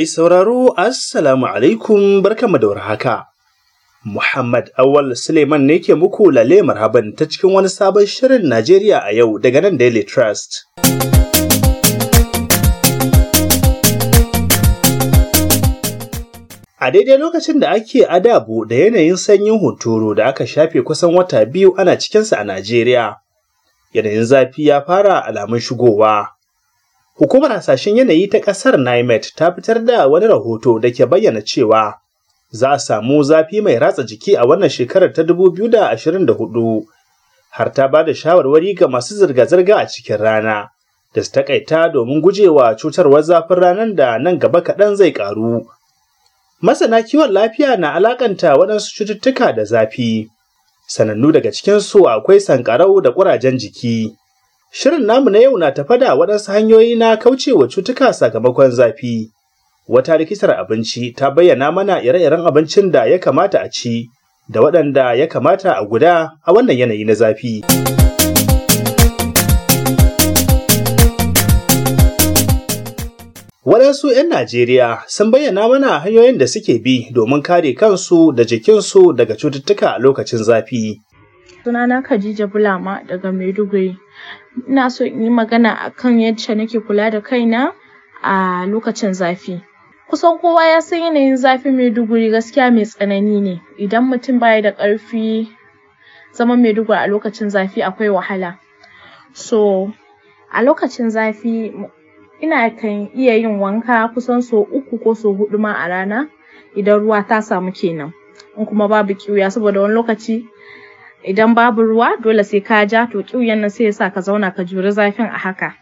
Mai sauraro, Assalamu alaikum barkanmu da warhaka. Muhammad Awal Suleiman ne ke muku lale marhaban ta cikin wani sabon shirin Najeriya a yau daga nan Daily Trust. A daidai lokacin da ake adabu da yanayin sanyin hunturu da aka shafe kusan wata biyu ana cikinsa a Najeriya, yanayin zafi ya fara alamun shigowa. Hukumar hasashen yanayi ta ƙasar NIMET ta fitar da wani rahoto da ke bayyana cewa za a samu zafi mai ratsa jiki a wannan shekarar ta 2024 har ta ba da shawarwari ga masu zirga-zirga a cikin rana da su taƙaita domin gujewa cutarwar zafin ranar da nan gaba kaɗan zai ƙaru. Masana kiwon lafiya na alaƙanta waɗansu cututtuka da zafi. Sanannu daga cikinsu akwai sankarau da ƙurajen jiki. Shirin namu na yau na tafa da waɗansu hanyoyi na kaucewa cutuka sakamakon zafi. Wata rikitar abinci ta bayyana mana ire-iren abincin da ya kamata a ci da waɗanda ya kamata a guda a wannan yanayi na zafi. Waɗansu ‘yan Najeriya sun bayyana mana hanyoyin da suke bi domin kare kansu da jikinsu daga cututtuka a lokacin zafi. Sunana Khadija Bulama daga Maiduguri. Ina so in yi magana akan yacce nake kula da kaina a lokacin zafi. Kusan kowa ya san yanayin mai Maiduguri gaskiya mai tsanani ne. Idan mutum ba ya da ƙarfi, mai Maiduguri a lokacin zafi akwai wahala. So a lokacin zafi ina kan iya yin wanka kusan sau uku ko sau huɗu ma a rana idan ruwa ta samu kenan, In kuma babu ƙiwuya saboda wani lokaci idan babu ruwa dole sai ka ja to ƙiuyan nan sai ya sa ka zauna ka juri zafin a haka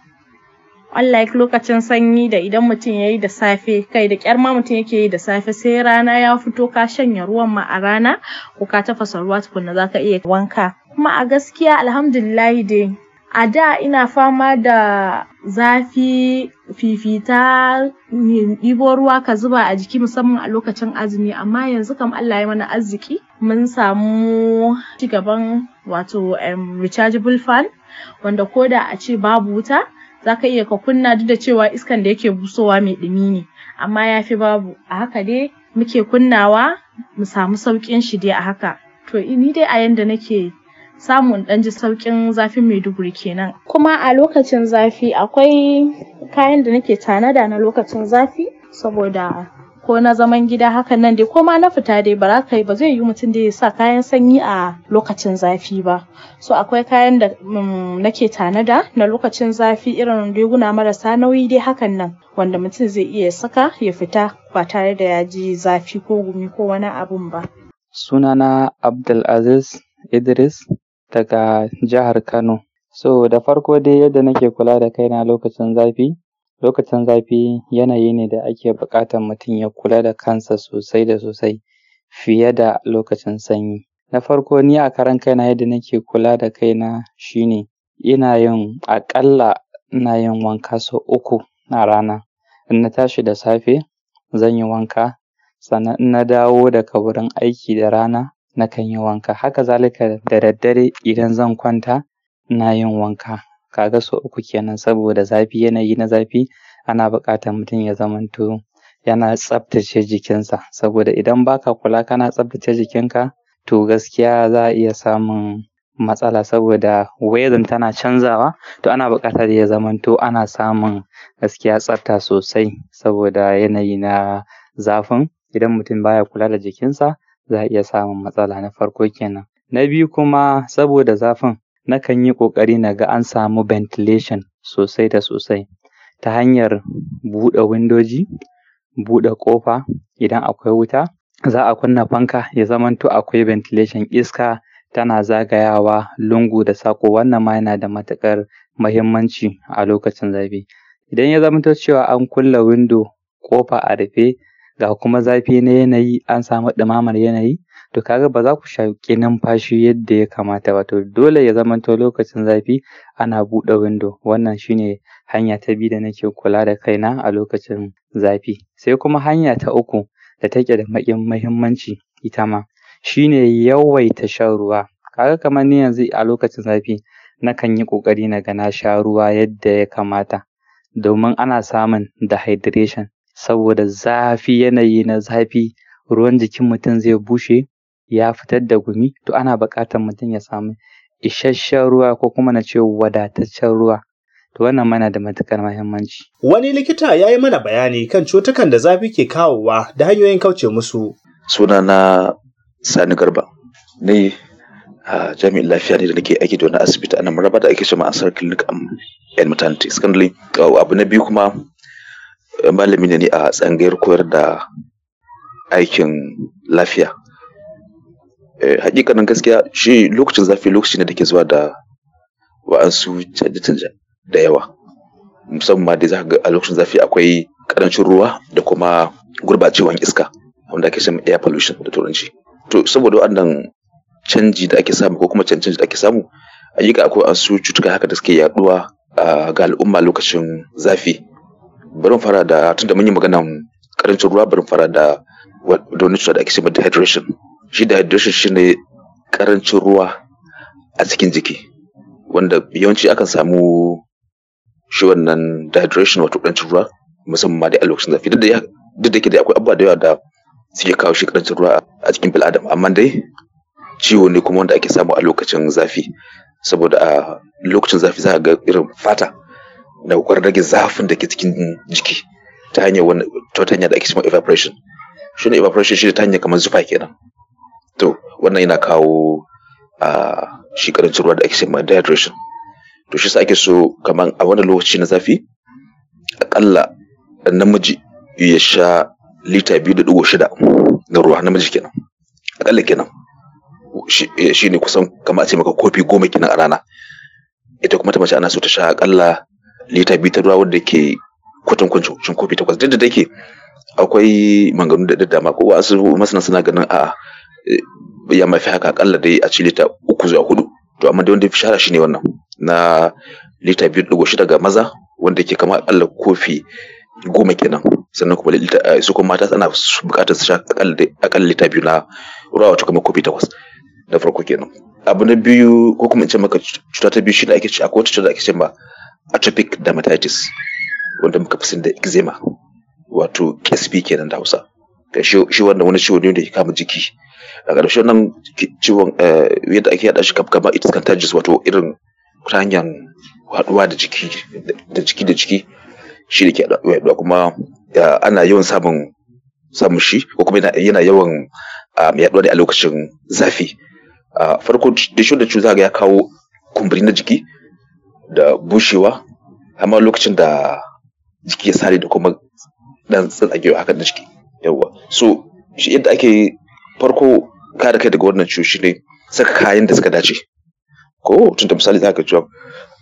unlike lokacin sanyi da idan mutum ya yi da safe kai da ƙyar ma mutum yake yi da safe sai rana ya fito ka shanya ruwan ma a rana ko ka tafasa ruwa tukunna za ka iya wanka kuma a gaskiya alhamdulillahi dai a da ina fama da zafi fifita ɗibo ruwa ka zuba a jiki musamman a lokacin azumi amma yanzu kam Allah ya mana arziki mun samu cigaban wato um, rechargeable fan wanda ko da a ce babu wuta za ka iya ka kunna duk da cewa iskan da yake busowa mai ɗumi ne amma ya fi babu a haka dai muke kunnawa mu samu sauƙin shi dai a haka to ni dai a yanda nake Samun ɗan ji sauƙin zafin Maiduguri kenan. Kuma a lokacin zafi akwai kayan da nake tanada na lokacin zafi saboda ko na zaman gida hakan nan dai ko ma na fita dai ba za ba zai yi mutum da ya sa kayan sanyi a lokacin zafi ba so akwai kayan da mm, nake tanada na lokacin zafi irin riguna marasa nauyi dai hakan nan wanda mutum zai iya saka ya fita ba tare da ya ji zafi ko gumi ko wani abun ba sunana Abdulaziz Idris daga jihar Kano. So da farko dai yadda nake kula da kaina lokacin zafi, lokacin zafi yanayi ne da ake buƙatar mutum ya kula da kansa sosai da sosai fiye da lokacin sanyi. Na farko ni a karan kaina yadda nake kula da kaina shi ne ina yin aƙalla ina yin wanka sau uku a rana. In na tashi da safe zan yi wanka, sannan in na dawo daga wurin aiki da rana nakan yi wanka. Haka zalika da daddare idan zan kwanta na yin wanka. Ka ga sau uku kenan saboda zafi yanayi na zafi ana buƙatar mutum ya zamanto yana tsaftace jikinsa saboda idan baka kula kana tsaftace jikinka to gaskiya za a iya samun matsala saboda weather tana canzawa to ana buƙatar ya zamanto ana samun gaskiya tsafta sosai saboda yanayi na zafin idan mutum baya kula da jikinsa za a iya samun matsala na farko kenan. Na biyu kuma saboda zafin nakan yi ƙoƙari na ga an samu ventilation sosai da sosai ta hanyar buɗe windoji, buɗe ƙofa idan akwai wuta za a kunna fanka ya zamanto akwai ventilation iska tana zagayawa lungu da saƙo wannan ma yana da matuƙar muhimmanci a lokacin zafi. Idan ya zamanto cewa an kulle windo ƙofa a rufe ga kuma zafi na yanayi an samu ɗumamar yanayi to kaga ba za ku shaƙi numfashi yadda ya kamata ba to dole ya zamanto lokacin zafi ana buɗe windo wannan shine hanya ta biyu da nake kula da kaina a lokacin zafi. Sai kuma hanya ta uku da take da muhimmanci ita ma shi ne yawaita shan ruwa ka kamar ni yanzu a lokacin zafi nakan yi ƙoƙari na ga na sha ruwa yadda ya kamata domin ana samun dehydration saboda zafi yanayi na zafi ruwan jikin mutum zai bushe ya fitar da gumi to ana buƙatar mutum ya samu isasshen ruwa ko kuma na ce wadataccen ruwa to wannan yana da matuƙar mahimmanci. Wani likita ya yi mana bayani kan cutukan da zafi ke kawowa da hanyoyin kauce musu. Suna na Sani Garba ne a jami'in lafiya ne da nake aiki da wani asibiti a nan maraba da ake cewa Ansar Clinic and Maternity Secondly abu na biyu kuma malami ne a tsangayar koyar da aikin lafiya eh, hakikanin gaskiya shi lokacin zafi lokaci ne da ke zuwa da wa'ansu canje-canje da yawa musamman ma da za ga a lokacin zafi akwai karancin ruwa da kuma gurɓacewar iska wanda ake shan air pollution da turanci to saboda waɗannan canji da ake samu ko kuma canje da ake samu haƙiƙa akwai waɗansu cutuka haka da suke yaɗuwa ah, ga al'umma lokacin zafi bari mu fara da tunda mun yi magana karancin ruwa bari mu fara da wani cuta da ake cewa dehydration shi dehydration shine karancin ruwa a cikin jiki wanda yawanci akan samu shi wannan dehydration wato karancin ruwa musamman ma dai a lokacin zafi duk da duk da yake akwai abubuwa da yawa da suke kawo shi karancin ruwa a cikin adam amma dai ciwo ne kuma wanda ake samu a lokacin zafi saboda a lokacin zafi za ka ga irin fata na kokarin rage zafin da ke cikin jiki ta hanyar wani ta hanyar da ake cewa evaporation shi ne evaporation shi ta hanyar kamar zufa kenan to wannan yana kawo a shi karancin ruwa da ake cewa dehydration to shi sa ake so kamar a wani lokaci na zafi akalla namiji ya sha lita biyu da ɗigo shida na ruwa namiji kenan akalla kenan shi ne kusan kamar a ce maka kofi goma kenan a rana ita kuma ta mace ana so ta sha akalla lita biyu ta ruwa wadda ke kwatankwacin kofi takwas duk da take akwai maganganu da dama ko su masana suna ganin a eh, ya mafi haka akalla dai a ci lita uku zuwa hudu to amma dai wanda ya fi shi shine wannan na lita biyu ɗigo shida ga maza wanda ke kama akalla kofi goma kenan sannan kuma eh, su kuma mata ana buƙatar su sha akalla lita biyu na ruwa wato kamar kofi takwas da farko kenan abu na biyu ko kuma in ce maka cuta ta biyu da ake ce akwai wata cuta da ake ce ba atopic dermatitis wanda muka fi sani da eczema wato ksp kenan da Hausa. Shi wannan wani ciwo ne da ke kama jiki. A ƙarshen nan ciwon eh, yadda ake yaɗa shi kamar its wato irin ta hanyar haɗuwa da jiki da jiki da jiki shi da ke yaɗuwa kuma ana yawan samun samun shi ko kuma yana yawan um, yaduwa ne a lokacin zafi. Ah, farko da shi da ciwo za ga ya kawo kumburi na jiki da bushewa amma lokacin da jiki ya sare da kuma ɗan tsagewa hakan da ciki yawwa so shi yadda ake farko kare kai daga wannan ciwo shine saka kayan da suka dace ko tunda misali za ka cewa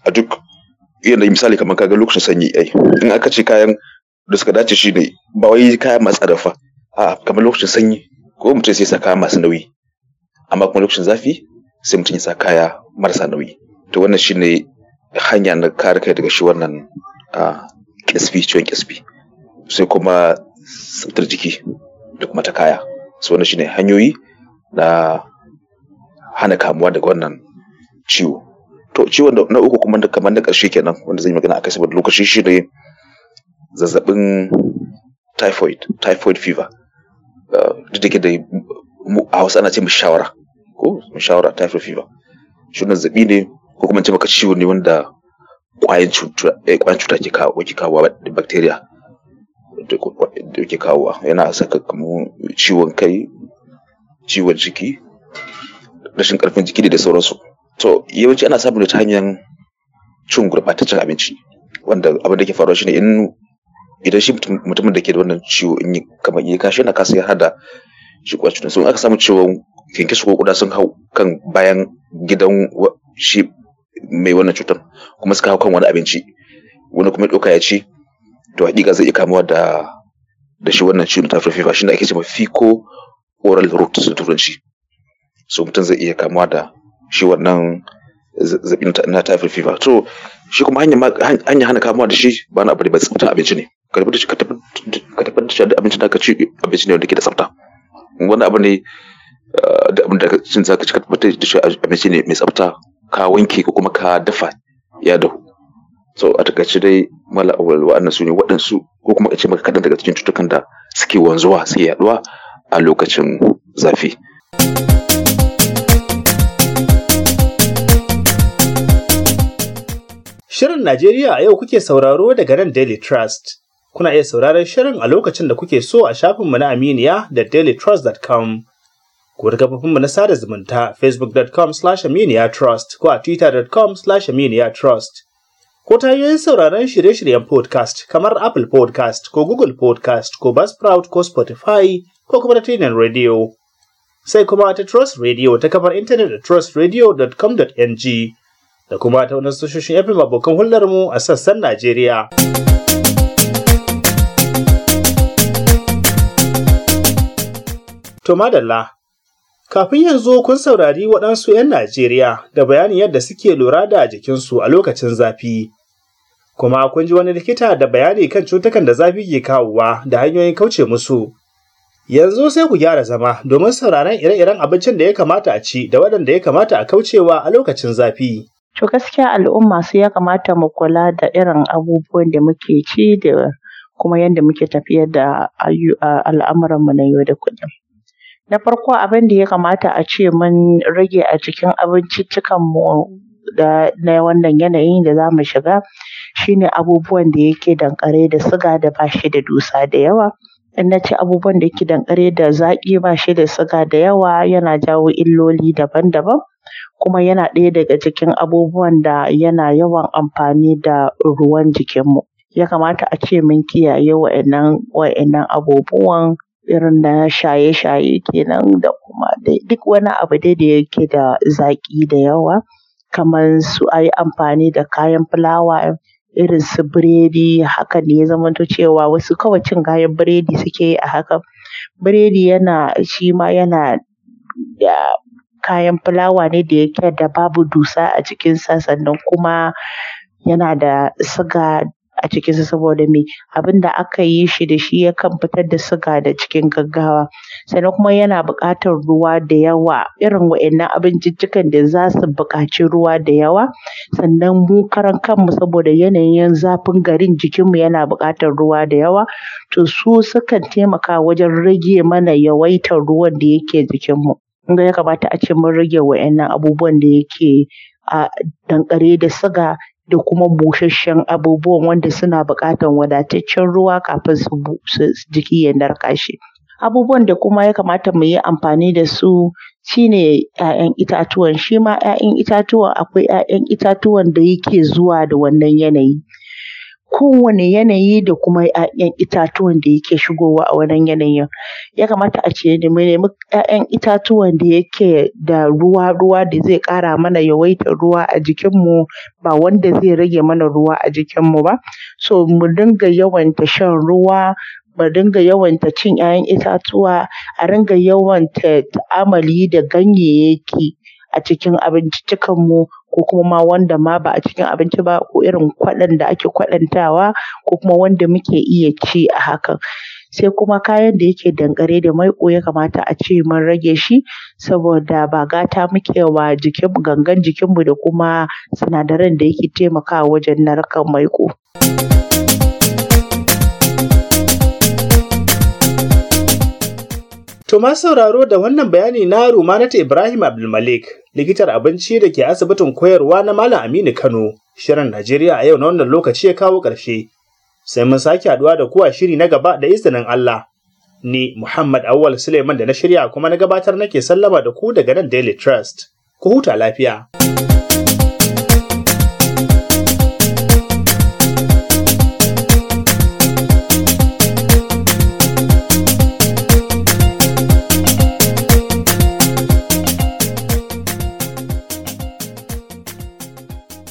a duk yanayi misali kamar kaga lokacin sanyi ai in aka ce kayan da suka dace shine ba wai kayan masu tsada a kamar lokacin sanyi ko mutum sai sa kaya masu nauyi amma kuma lokacin zafi sai mutum ya sa kaya marasa nauyi to wannan shine hanya na kare kai daga shi wannan a ƙyasbi ciwon kisbi sai kuma tsaftar jiki da kuma ta kaya su shi shine hanyoyi na hana kamuwa daga wannan ciwo to ciwon na uku kuma kamar na ƙarshe kenan wanda zan yi magana kai saboda lokaci shine zazzabin typhoid typhoid fever duk da ke da a hausa ana ce mashawara ko mashawara typhoid fever shi zazzabi ne ko kuma ce maka ciwo ne wanda ƙwayan cuta kwayan eh, cuta ke kawo ke kawo bacteria da ke kawo yana saka kamar ciwon kai ciwon ciki rashin ƙarfin jiki da dai sauransu to yawanci ana samun ne ta hanyar cin gurbataccen abinci wanda abin da ke faruwa shine in idan shi mutumin da ke da wannan ciwo in yi kamar yi kashi yana kasa ya hada shi kwacin sun aka samu ciwon kyankyaso ko ƙuda sun hau kan bayan gidan shi mai wannan cutar kuma suka hau kan wani abinci wani kuma ɗauka ya ci to haƙiƙa zai iya kamuwa da da shi wannan ciwon fifa shi da ake cewa fico oral root da turanci so mutum zai iya kamuwa da shi wannan zazzabin na typhoid fifa to shi kuma hanya hana kamuwa da shi ba na abu da ba abinci ne ka tabbatar da shi da abincin da ka ci abinci ne wanda ke da tsafta wani abu ne ah, da abin da cin zaka ci ka da shi abinci ne mai tsafta ka wanke ko kuma ka dafa ya dahu so a takaice dai mala wa'annan su ne waɗansu ko kuma ka ce maka kaɗan daga cikin cutukan da suke wanzuwa suke yaɗuwa a lokacin zafi. Shirin Najeriya a yau kuke sauraro daga nan Daily Trust. Kuna iya sauraron shirin a lokacin da kuke so a shafinmu na Aminiya da dailytrust.com. ko ta kafofinmu na sada zumunta facebook.com slash trust ko a twitter.com slash trust ko ta hanyoyin sauraron shirye-shiryen podcast kamar apple podcast ko google podcast ko buzzsprout ko spotify ko kuma ta radio sai kuma ta trust radio ta kafar intanet da trustradio.com.ng da kuma ta wani sashoshin fm abokan hulɗarmu a sassan najeriya. To madalla, Kafin yanzu kun saurari waɗansu ‘yan Najeriya da bayanin yadda suke lura da jikinsu a lokacin zafi. Kuma kun ji wani likita da bayani kan cutukan da zafi ke kawowa da hanyoyin kauce musu. Yanzu sai ku gyara zama domin sauraron ire-iren abincin da ya kamata a ci da waɗanda ya kamata a kaucewa a lokacin zafi. To gaskiya al'umma sai ya kamata mu kula da irin abubuwan da muke ci da kuma yadda muke tafiyar da al'amuranmu na yau da kullum. Na farko abin da ya kamata a ce mun rage a cikin abinciccikan mu da na wannan yanayin da zamu mu shiga shine abubuwan da yake danƙare da siga da ba shi da dusa da yawa. In na ce abubuwan da yake danƙare da zaƙi ba shi da siga da yawa yana jawo illoli daban-daban kuma yana ɗaya daga cikin abubuwan da yana yawan amfani da ruwan jikin mu. Ya kamata a ce mun kiyaye wa'innan, wa'innan abubuwan irin na shaye-shaye kenan da kuma dai duk wani abu dai da yake da zaƙi da yawa kamar su a yi amfani da kayan fulawa irin su biredi hakan ne ya zamanto cewa wasu kawai cin kayan biredi suke yi a haka. Biredi yana shi ma yana da kayan fulawa ne da yake da babu dusa a cikinsa sannan kuma yana da siga a cikinsa saboda me abin da aka yi shi da shi yakan fitar da suga da cikin gaggawa sannan kuma yana buƙatar ruwa da yawa irin wa'annan abinciccikan da za su buƙaci ruwa da yawa sannan mu karan kanmu saboda yanayin zafin garin jikinmu yana buƙatar ruwa da yawa to su sukan taimaka wajen rage mana yawaitar ruwan da yake jikinmu. Kun ga ya kamata a ce mun rage wa'annan abubuwan da yake a dankare da suga da kuma busasshen abubuwan wanda suna buƙatar wadataccen ruwa kafin su jiki ya narka shi. Abubuwan da kuma ya kamata mu yi amfani da su shine ‘ya'yan itatuwan, shi ma ‘ya'yan itatuwan akwai ‘ya'yan itatuwan da yake zuwa da wannan yanayi. kowane yanayi da kuma ‘ya'yan itatuwan da yake shigowa a wannan yanayin. Ya kamata a ce mu nemi ‘ya'yan itatuwan da yake da ruwa-ruwa da zai ƙara mana yawaitar ruwa a jikinmu ba wanda zai rage mana ruwa a jikinmu ba. So mu dinga yawanta shan ruwa, mu dinga yawanta cin ‘ya'yan itatuwa, a ringa yawanta ta'amali da ganyayyaki. a cikin abinciccikan mu ko kuma ma wanda ma ba a cikin abinci ba ko irin kwaɗon da ake kwaɗantawa ko kuma wanda muke iya ci a hakan. Sai kuma kayan da yake dankare da maiƙo ya kamata a ce mun rage shi saboda ba gata muke wa jikin gangan jikinmu da kuma sinadaran da yake taimakawa wajen narkar maiƙo. To ma sauraro da wannan bayani na Rumanata Ibrahim Abdulmalik, likitar abinci da ke asibitin koyarwa na Malam Aminu Kano, shirin Najeriya a yau na wannan lokaci ya kawo ƙarshe. Sai mun sake haɗuwa da kuwa shiri na gaba da izinin Allah. Ni Muhammad Awwal Suleiman da na shirya kuma na gabatar nake sallama da ku daga nan Daily Trust. Ku huta lafiya.